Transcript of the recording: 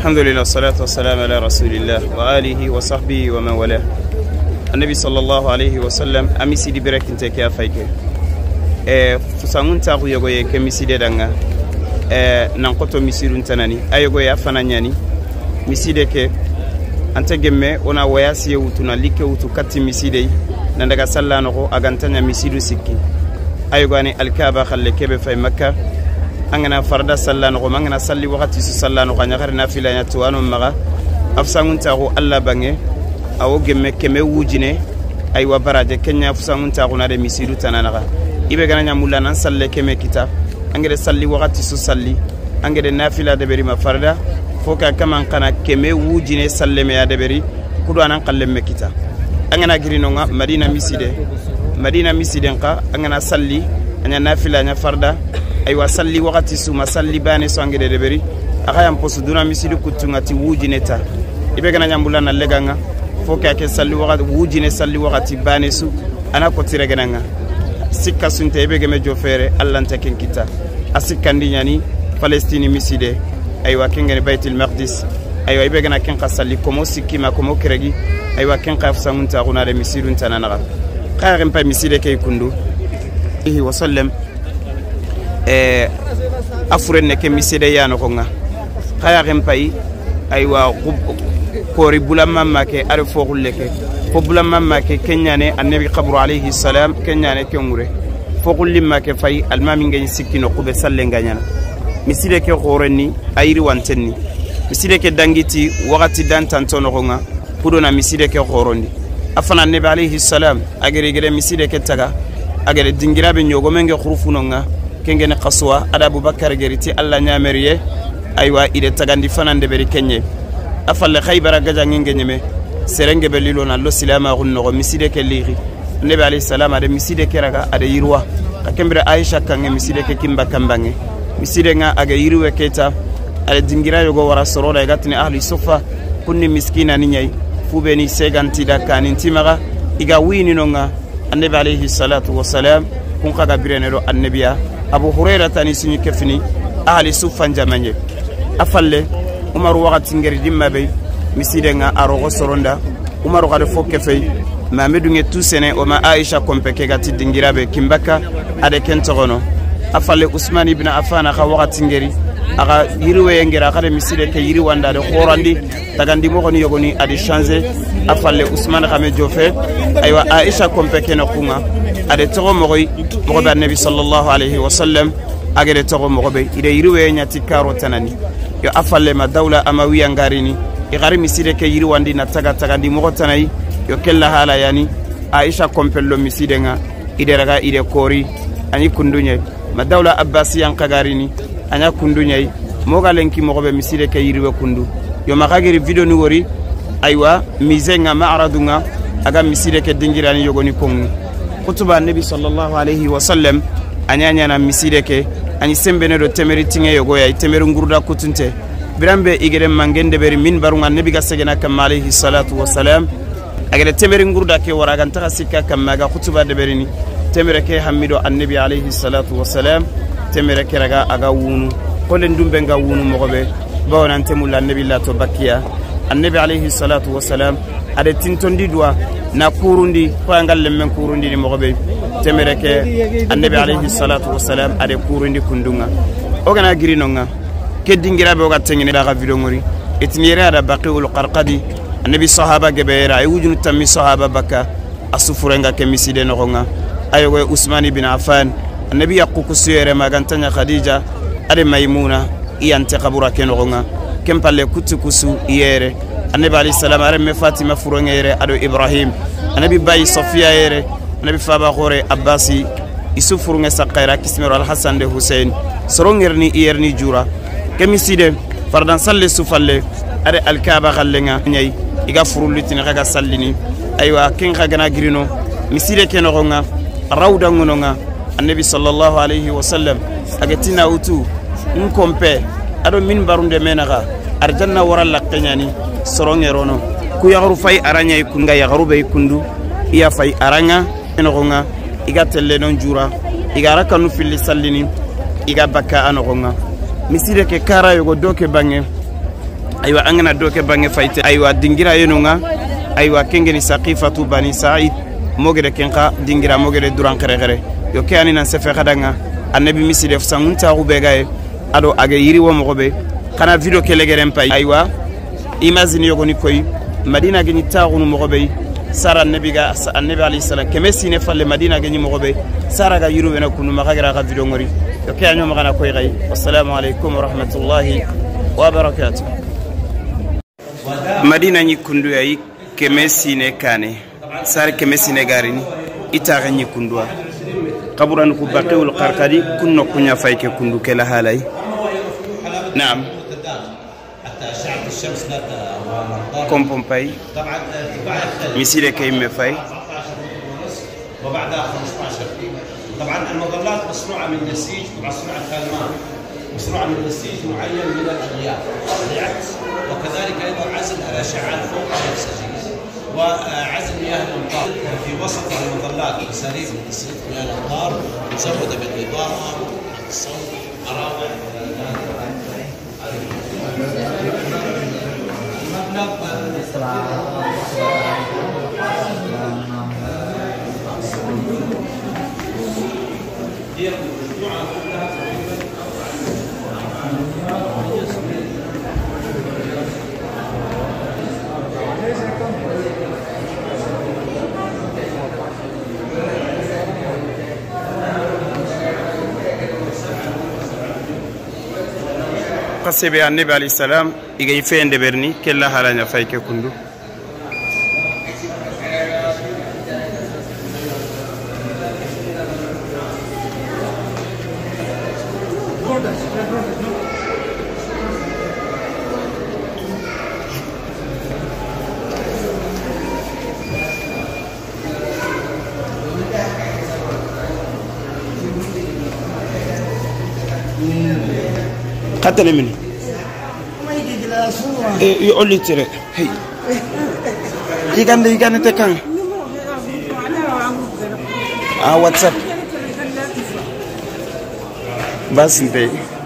Alhamdulillah salatu wassalamu ala rasulillah wa alihi wa sahbihi wa man wala. Annabi sallallahu alayhi wa sallam amisi di berekin ke afayke. E fusangun ta ku yogo ye kemisi de danga. E nan koto misirun tanani ayogo ya fananyani miside ke ante gemme ona wayasi wutu na like wutu katti miside nan daga sallanogo agantanya misidu sikki ayogo ani alkaba khalle kebe fay makka angana farda salla nogo mangana salli wakati su salla nogo nya garna fila nya tuwano maga afsangun ta alla bange awo gemme keme wujine wa baraje kenya afsangun ta na de misiru tananaga ibe gana nya mulana salle keme kita angere salli wakati su salli angere nafila de beri ma farda foka ka kana keme wujine salle me ya de beri kudo anan kallemme kita an gana girino nga madina miside madina miside ka angana salli anya nafila anya farda aywa salli wakati suma salli bane de deberi aga yan posu duna misili kutungati wujine ta i be gana nyambula na lega ŋa fo ke salli wakati wujine salli wakati bane su ana kotire gana nga sikka sunte i be geme jo fere allanta ken a palestini miside aywa kengeni baitil maqdis aywa i be gana kenka salli komo sikkima komo keregi aywa ken ka misidu xunade misiduntananaxa kaya yaxenpa miside ke ihi wasallem Eh, a furenne ke mi sedeya noxonga xayaxen payi aywa koori bulanman ma ke are foxulle ke fo bulanman ma ke kenɲane annabi xaburu alayhi salam kenɲane kenŋure foxullin ma ke fayi alimamingeɲi sikki no xube sallengaɲana miside ke xoorenni a yiriwanten ni miside ke dangiti waxati dan tanto noxonga pudo na miside ke xoorondi a fana annabi alayhi salam a geregere miside ke taga a gere dingira be ɲogomen ke xurufunonga kengene kasuwa ada abubakar geriti alla ñameriye aywa ide tagandi fanande beri kenñe a falle haybara gajanginge ñeme serenge be lilona lo silamaxun noxo miside ke lixi nebe alayhisalam ade miside ke raga ade yirwa ka kembire aicha kange miside ke kimba kambange miside nga aga yiriwe keta ade dingira yogo wara soroda igatini ahli sofa kunni miskina ni ñayi fube ni segantida kanin timaxa iga wininonga annabi alayhi salatu wasalam kun kaga birenero annabiya abu hurairata ni sini kefini ahli sufan jamanye afalle umaru wakati ngeri dimma be miside nga arogo soronda umaru kade fo kefe mamedu nge sene oma aisha kompeke gati dingirabe kimbaka ade kentogono afalle usman ibn affan aka wakati ngeri aga yiriweye ngeri akade miside ke yiri wanda ade horandi tagandi mogoni yogoni ade change afalle usman kame jofe aywa aisha kompeke no kunga ade togo mogoy mogo be annabi sallallahu alaihi wasallam agede togo mogo be ida yiriwe ɲati karo tanani yo a fallema dawla amawiyan garini i gari miside ke yiriwandi na taga tagandi mogo tanayi yo kella hala yani aisha kompello misiden ga ide raga ide kori ani kunduɲe ma dawla abbasiyan kagarini aɲa kunduɲayi moga lenki mogo be miside ke yiriwe kundu yo maga giri video ni wori aywa misen ga ma'aradun ga aga miside ke dingirani yogoni konŋu kutuba nebi sallallahu alaihi wa ani a ɲana miside ke ani sembene do temeri tiŋe yogoya i temeri ngurda kutunte biran be igere mangen deberi min barunga nebi ga segena kamma alaihi salatu wasalam agere temeri ngurda ke wara agan taga sikka kamma aga kutuba deberini temere ke hammido annabi alaihi salatu wasalam temere ke raga aga wunu kolen dum be nga wunu mogobe bawo nante mulla annebi lato bakkiya annabi alaihi salatu wasalam ade tintondi duwa na kurundi fo an ga lemmen kurundini mogo be temere ke annabi alayhi salatu wasalam ade kurundi kundunga wo gana giri nonga ke dingiraɓe o tengene ɗaxa video ŋori itiniyere ada baqiul qarqadi annabi sahaba gebeyera ay wujunu tammi sahaba bakka asufurenga ke miside ayo ayogoye usman ibn afan annabi yaqku suyere magantanya khadija ade maymuna iyante xabura ke noxonga kempale palle kutu kusu yere النبي عليه السلام أرم فاطمة فرعون أدو إبراهيم النبي باي صوفيا إيره النبي فابا خوري أباسي يسوع فرعون سقيرة كسمير الحسن ده حسين سرعون إيرني إيرني جورا كم يصير فردان سلة سفلة أر الكعبة خلنا نيجي إيجا فرول لتن خا سليني أيوة كين خا غرينو مسيرة كين رونا راودا منونا النبي صلى الله عليه وسلم أجتنا أوتو نكمل أدو من بارون دمنا خا أرجعنا ورا لقتنياني sorongerono ku yagaru fay aranya ikunga yagaru be ikundu iya fay aranya enogonga iga tellenon jura iga rakanu filli sallini iga bakka anogonga misire ke kara yogo doke bange aywa angana doke bange fayte aywa dingira yenonga aywa kengeni saqifatu bani said mogere kenka dingira mogere duran xerexere yo ke ani nan sefe xadanga annabi misire sanguntaxu be gaye ado age yiri wo moxo be xana video ke legeren pay aywa imagine yogoni koy madina geni taxunu moxo ɓey sara annabi ga annabi ali salam kemesi ne falle madina geni moxo sara ga yirubena kunu maxa gara xa video anyo yo ke a ñomaxana koy xay wasalamu wa warahmatullahi wabarakatu madina ni kundu ayi kemesi ne kane sar keme sine garini itaxe ñi kunduwa xaburani ku baqiwul xarxadi kun nokkuña fay ke kundu ke la halay naam الشمس ثلاثة كوم بومباي طبعا مسيرة كيمة مفاي وبعدها 15 طبعا المظلات مصنوعة من نسيج طبعا صناعة هالمان مصنوعة من نسيج معين من الألياف العكس وكذلك أيضا عزل الأشعة فوق الأكسجين وعزل مياه الأمطار في وسط المظلات أساليب لتسريب مياه الأمطار مزودة بالإضاءة الصوت أراضي Dia sebe annabi alayhi salam igay fende berni kella halanya fayke kundu ka tẹ̀lé mi ni. ee o le tirẹ. i kan. a whatsapp. basi tɛ.